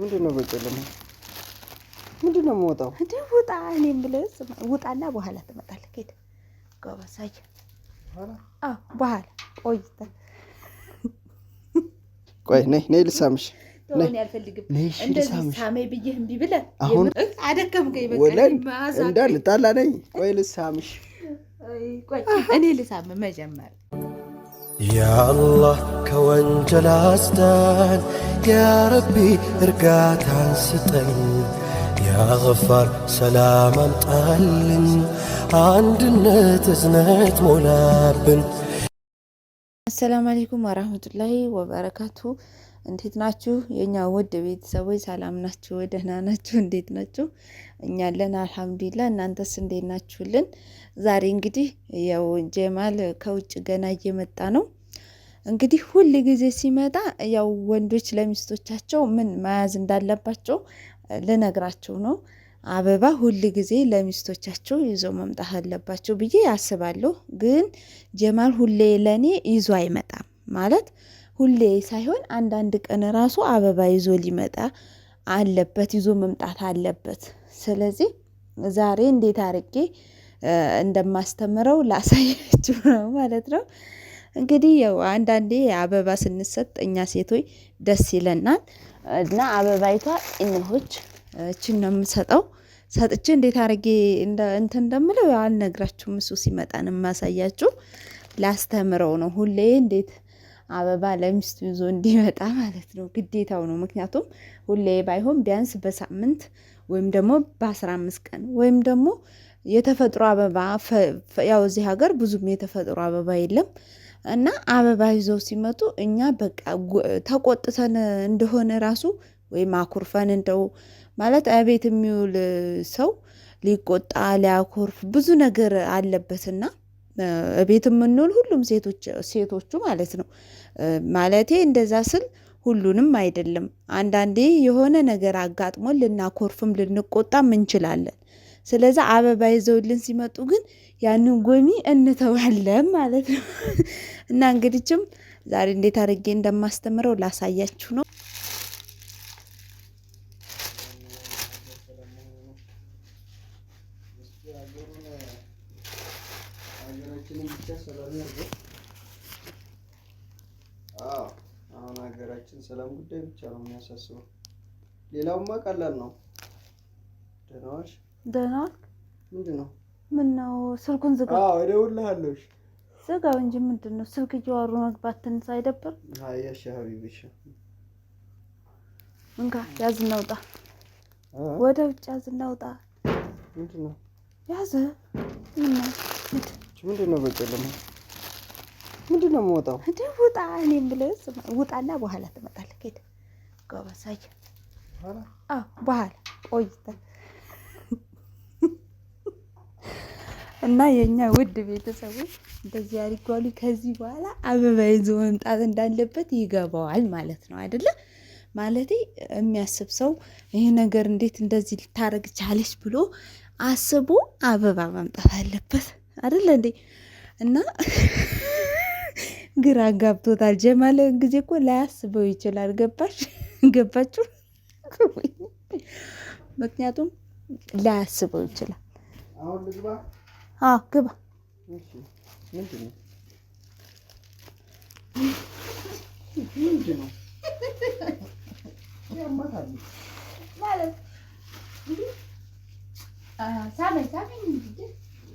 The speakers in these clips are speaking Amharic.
ምንድን ነው በጨለማ ምንድን ነው የምወጣው? እንደ ውጣ። እኔ የምልህ ውጣና በኋላ ትመጣለህ። ጌታ ጎበሳይ በኋላ ቆይተህ ቆይ ነይ ነይ ልሳምሽ እንዳልጣላ ነኝ። ቆይ ልሳምሽ፣ እኔ ልሳም መጀመር ያአላህ ከወንጀል አስዳን፣ ያረቢ እርጋታን ስጠን፣ ያገፋር ሰላም አምጣልን፣ አንድነት እዝነት ሞላብን። አሰላም አሌይኩም ወራህመቱላሂ ወበረካቱ እንዴት ናችሁ? የእኛ ውድ ቤተሰቦች ሰላም ናችሁ? ደህና ናችሁ? እንዴት ናችሁ? እኛ አለን አልሐምዱሊላ። እናንተስ እንዴት ናችሁልን? ዛሬ እንግዲህ ያው ጀማል ከውጭ ገና እየመጣ ነው። እንግዲህ ሁል ጊዜ ሲመጣ ያው ወንዶች ለሚስቶቻቸው ምን መያዝ እንዳለባቸው ልነግራቸው ነው። አበባ ሁል ጊዜ ለሚስቶቻቸው ይዞ መምጣት አለባቸው ብዬ ያስባለሁ። ግን ጀማል ሁሌ ለእኔ ይዞ አይመጣም ማለት ሁሌ ሳይሆን አንዳንድ ቀን ራሱ አበባ ይዞ ሊመጣ አለበት ይዞ መምጣት አለበት። ስለዚህ ዛሬ እንዴት አርጌ እንደማስተምረው ላሳያችሁ ነው ማለት ነው። እንግዲህ ያው አንዳንዴ አበባ ስንሰጥ እኛ ሴቶች ደስ ይለናል እና አበባይቷ እንሆች እችን ነው የምሰጠው። ሰጥቼ እንዴት አርጌ እንትን እንደምለው አልነግራችሁም። እሱ ሲመጣን የማሳያችሁ ላስተምረው ነው ሁሌ እንዴት አበባ ለሚስቱ ይዞ እንዲመጣ ማለት ነው። ግዴታው ነው። ምክንያቱም ሁሌ ባይሆን ቢያንስ በሳምንት ወይም ደግሞ በአስራ አምስት ቀን ወይም ደግሞ የተፈጥሮ አበባ ያው እዚህ ሀገር ብዙም የተፈጥሮ አበባ የለም እና አበባ ይዘው ሲመጡ እኛ በቃ ተቆጥተን እንደሆነ ራሱ ወይም አኩርፈን እንደው ማለት አቤት የሚውል ሰው ሊቆጣ ሊያኩርፍ ብዙ ነገር አለበትና ቤት የምንውል ሁሉም ሴቶቹ ማለት ነው። ማለቴ እንደዛ ስል ሁሉንም አይደለም። አንዳንዴ የሆነ ነገር አጋጥሞን ልናኮርፍም ልንቆጣም እንችላለን። ስለዛ አበባ ይዘውልን ሲመጡ ግን ያንን ጎሚ እንተዋለን ማለት ነው። እና እንግዲችም ዛሬ እንዴት አድርጌ እንደማስተምረው ላሳያችሁ ነው። ስለሙድ አዎ አሁን ሀገራችን ሰላም ጉዳይ ብቻ ነው የሚያሳስበው። ሌላውማ ቀላል ነው። ደህና ዋልሽ? ደህና ዋልክ? ምንድን ነው ምን ነው ስልኩን ዝጋው። አዎ እደውልልሃለሁ። እሺ ዝጋው እንጂ ምንድን ነው ስልክ እያወሩ መግባት ትንሽ አይደብር? አይ እሺ እንካ ያዝ እናውጣ፣ ወደ ውጭ ያዝ እናውጣ። ምንድን ነው ያዝ ምነው ምንድን ነው በጨለማ ምንድን ነው የምወጣው? እንደ ውጣ ውጣና በኋላ ትመጣለህ። ጎበዝ አየህ። አዎ በኋላ ቆይተህ እና የእኛ ውድ ቤተሰቦች እንደዚህ አድርጓሉ። ከዚህ በኋላ አበባ ይዞ መምጣት እንዳለበት ይገባዋል ማለት ነው አይደለ? ማለቴ የሚያስብ ሰው ይህ ነገር እንዴት እንደዚህ ልታረግ ቻለች ብሎ አስቦ አበባ መምጣት አለበት። አይደለ እንዴ? እና ግራ ጋብቶታል። ጀማል ጊዜ እኮ ላያስበው ይችላል። ገባሽ ገባችሁ? ምክንያቱም ላያስበው ይችላል። አዎ ግባ ማለት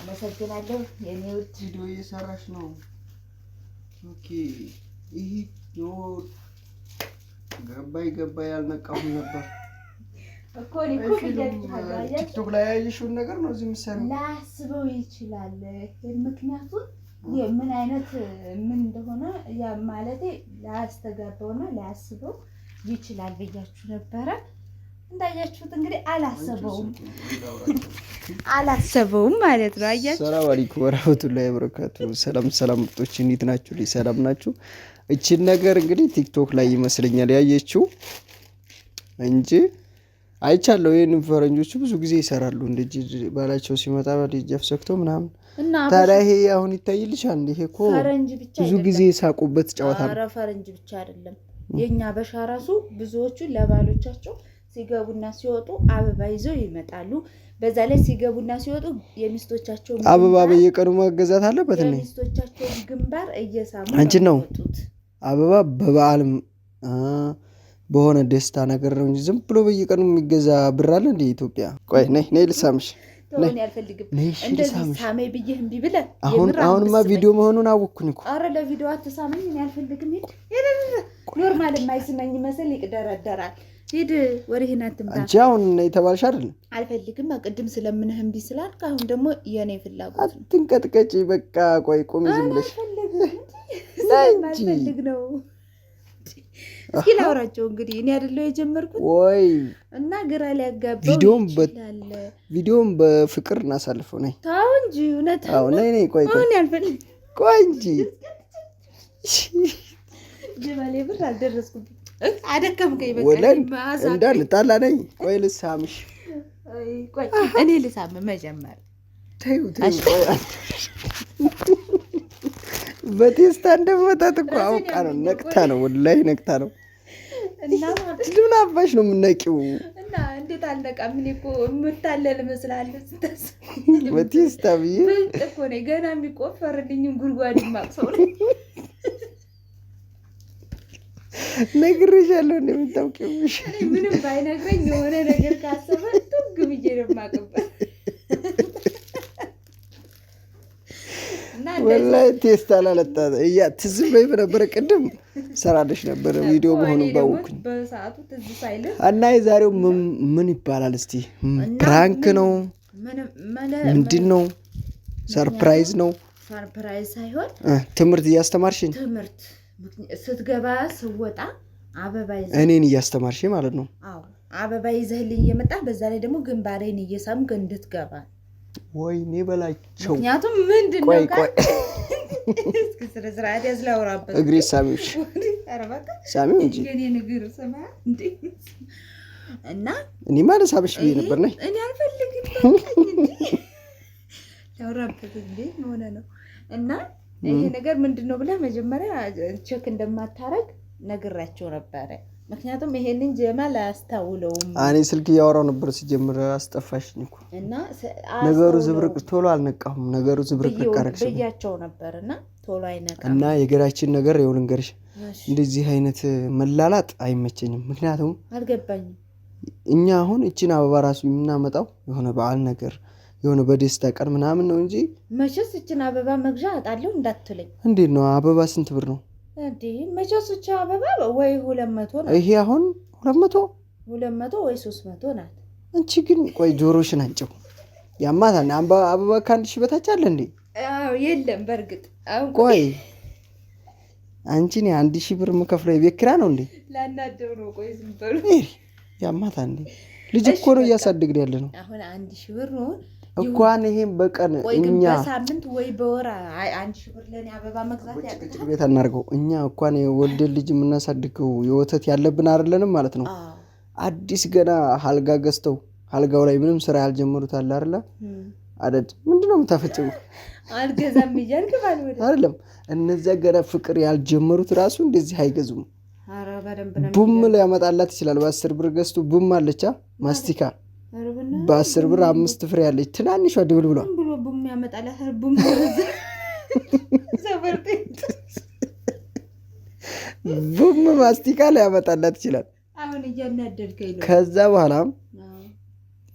አመሰግናለሁ። የኔ ውድ ቪዲዮ እየሰራሽ ነው። ኦኬ ይህ ገባይ ገባይ አልነቃሁም ነበር እኮ ቲክቶክ ላይ ያየሽውን ነገር ነው እዚህ ምሳሌ ላስበው ይችላል። ምክንያቱም ምን አይነት ምን እንደሆነ ያ ማለቴ ላያስተጋባውና ላያስበው ይችላል ብያችሁ ነበረ። እንዳያችሁት እንግዲህ አላሰበውም አላሰበውም ማለት ነው። አያችሁ። ሰላም አለይኩም ወራህመቱላሂ ወበረካቱ። ሰላም ሰላም፣ ምርጦች እንዴት ናችሁ? ሰላም ናችሁ? እችን ነገር እንግዲህ ቲክቶክ ላይ ይመስለኛል ያየችው እንጂ አይቻለሁ። ይህን ፈረንጆቹ ብዙ ጊዜ ይሰራሉ። እንደ ባላቸው ሲመጣ በደጃፍ ሰክተው ምናምን። ታዲያ ይሄ አሁን ይታይልሻል። ይሄ እኮ ብዙ ጊዜ የሳቁበት ጨዋታ ነው። ፈረንጅ ብቻ አይደለም የእኛ በሻ ራሱ ብዙዎቹ ለባሎቻቸው ሲገቡና ሲወጡ አበባ ይዘው ይመጣሉ። በዛ ላይ ሲገቡና ሲወጡ የሚስቶቻቸው አበባ በየቀኑ መገዛት አለበት። የሚስቶቻቸውን ግንባር እየሳሙ አንቺን ነው አበባ በበዓልም በሆነ ደስታ ነገር ነው እንጂ ዝም ብሎ በየቀኑ የሚገዛ ብር አለ እንደ ኢትዮጵያ። ቆይ ነይ ነይ ልሳምሽ። አሁንማ ቪዲዮ መሆኑን አወኩኝ እኮ። ኧረ ለቪዲዮ አትሳመኝ፣ እኔ አልፈልግም። ኖርማል የማይስመኝ መስል ይቅደረደራል ሂድ ወሬህን አትምጣ። አንቺ አሁን የተባልሽ አይደለም አልፈልግም። ቅድም ስለምንህ እምቢ ስላልክ አሁን ደግሞ የኔ ፍላጎት አትንቀጥቀጪ። በቃ ቆይ ቁሚ ዝም ብለሽ ስለማልፈልግ ነው። እስኪ ላውራቸው እንግዲህ እኔ አይደለሁ የጀመርኩት ወይ እና ግራ ሊያጋባው ቪዲዮም በፍቅር እናሳልፈው ነኝ። ተው እንጂ እውነት አሁን ነይ ነይ ቆይ ቆይ አልፈልግም። ቆይ እንጂ ጀባሌ ብር አልደረስኩብኝ አደከምከኝ። ወለን እንዳል ጣላ ነኝ። ቆይ ልሳምሽ፣ እኔ ልሳም መጀመር በቴስታ እንደመታት እኮ አውቃ ነው። ነቅታ ነው፣ ወላይ ነቅታ ነው። ምን አባሽ ነው የምነቂው? እንዴት አልነቃም? እኔ እኮ የምታለል እመስላለሁ። በቴስታ ብዬ እኮ ነኝ ገና የሚቆፈርልኝን ጉድጓድ ማቅሰው ነግሬሻለሁ። እንደምታውቂውሽ ምንም ባይነግረኝ የሆነ ነገር ካሰበ ቱግ ብዬ ነው የማውቅበት። ወላሂ ቴስት አላለጣ እያ ትዝ በይ በነበረ ቅድም ሰራለሽ ነበረ ቪዲዮ መሆኑ ባወኩኝ እና የዛሬው ምን ይባላል? እስቲ ፕራንክ ነው ምንድን ነው? ሰርፕራይዝ ነው? ሰርፕራይዝ ሳይሆን ትምህርት እያስተማርሽኝ ትምህርት ስትገባ ስወጣ አበባ እኔን እያስተማርሽ ማለት ነው። አበባ ይዘህልኝ እየመጣ በዛ ላይ ደግሞ ግንባሬን እየሳምክ እንድትገባ ወይኔ በላቸው። ምክንያቱም ምንድን ነው ስነስርዓት ያዝላውራበት እግሬ ሳሚዎች ሳሚ እንጂ እና እኔ ማለት ለሳምሽ ብዬ ነበር። ነ እኔ አልፈልግም ላውራበት እንዴ ሆነ ነው እና ይሄ ነገር ምንድን ነው ብላ መጀመሪያ ቼክ እንደማታረግ ነግራቸው ነበረ። ምክንያቱም ይሄንን ጀማል አያስታውለውም። እኔ ስልክ እያወራው ነበር ሲጀምር አስጠፋሽኝ እኮ እና ነገሩ ዝብርቅ ቶሎ አልነቃሁም። ነገሩ ዝብርቅ ብያቸው ነበር እና ቶሎ አይነቃም። እና የገራችን ነገር ይኸው ልንገርሽ፣ እንደዚህ አይነት መላላጥ አይመቸኝም። ምክንያቱም አልገባኝም። እኛ አሁን እችን አበባ ራሱ የምናመጣው የሆነ በዓል ነገር የሆነ በደስታ ቀን ምናምን ነው እንጂ መቼስ እችን አበባ መግዣ አጣለሁ እንዳትለኝ። እንዴት ነው አበባ ስንት ብር ነው? እንዴ መቼስ እች አበባ ወይ ሁለት መቶ ነው። ይሄ አሁን ሁለት መቶ ሁለት መቶ ወይ ሶስት መቶ ናት። አንቺ ግን ቆይ ጆሮሽን አንጨው ያማታ አበባ ከአንድ ሺህ በታች አለ እንዴ? የለም በእርግጥ ቆይ አንቺ አንድ ሺህ ብር የምከፍለው የቤት ኪራይ ነው እንዴ? ላናደው ነው። ቆይ ዝም በሉ ያማታ እንዴ። ልጅ እኮ ነው እያሳደግን ያለ ነው። አሁን አንድ ሺህ ብር ነው እንኳን ይሄን በቀን እኛ በሳምንት ወይ በወር አንድ ሺህ ብር ለእኔ አበባ መግዛት ጭቅጭቅ ቤት አናርገው። እኛ እንኳን የወልደን ልጅ የምናሳድገው የወተት ያለብን አይደለንም ማለት ነው። አዲስ ገና አልጋ ገዝተው አልጋው ላይ ምንም ስራ ያልጀመሩት አለ አይደለ? አደድ ምንድን ነው የምታፈጭው? አልገዛም እያልክ አይደለም። እነዚያ ገና ፍቅር ያልጀመሩት ራሱ እንደዚህ አይገዙም። ቡም ሊያመጣላት ይችላል። በአስር ብር ገዝቶ ቡም አለቻ ማስቲካ በአስር ብር አምስት ፍሬ ያለች ትናንሿ ድብል ብሏል ቡም ማስቲካ ላይ ያመጣላት ይችላል። ከዛ በኋላም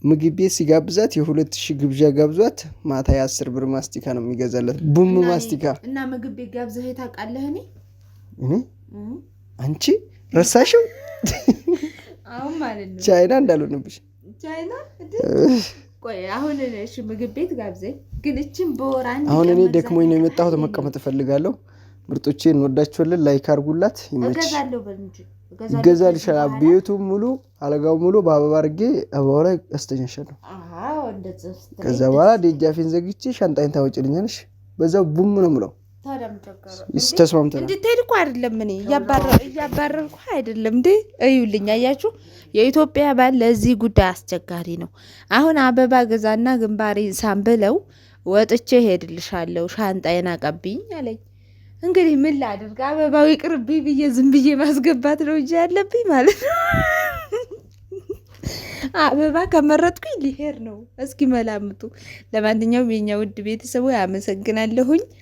ምግብ ቤት ሲጋብዛት የሁለት ሺህ ግብዣ ጋብዟት ማታ የአስር ብር ማስቲካ ነው የሚገዛለት። ቡም ማስቲካ እና ምግብ ቤት ጋብዘህ ታውቃለህ? እኔ አንቺ ረሳሽው ቻይና እንዳልሆንብሽ አሁን እኔ ደክሞኝ ነው የመጣሁት። መቀመጥ እፈልጋለሁ። ምርጦቼ እንወዳችኋለን። ላይክ አርጉላት። ይመች ይገዛል ይሻላል። ቤቱ ሙሉ አልጋው ሙሉ በአበባ አድርጌ አበባው ላይ አስተኛሻለሁ። ከዛ በኋላ ደጃፌን ዘግቼ ሻንጣይን ታወጭልኛለሽ። በዛው ቡም ነው ምለው ተስማምተናል። እንድትሄድ እኮ አይደለም እኔ እያባረርኩ አይደለም። እንዴ እዩልኝ፣ አያችሁ፣ የኢትዮጵያ ባል ለዚህ ጉዳይ አስቸጋሪ ነው። አሁን አበባ ገዛና ግንባሬን ሳምብለው ወጥቼ ሄድልሻለሁ፣ ሻንጣዬን አቀብኝ አለኝ። እንግዲህ ምን ላድርግ? አበባው ይቅርብኝ ብዬ ዝም ብዬ ማስገባት ነው እንጂ ያለብኝ ማለት ነው። አበባ ከመረጥኩኝ ሊሄድ ነው። እስኪ መላምቱ። ለማንኛውም የኛ ውድ ቤተሰቡ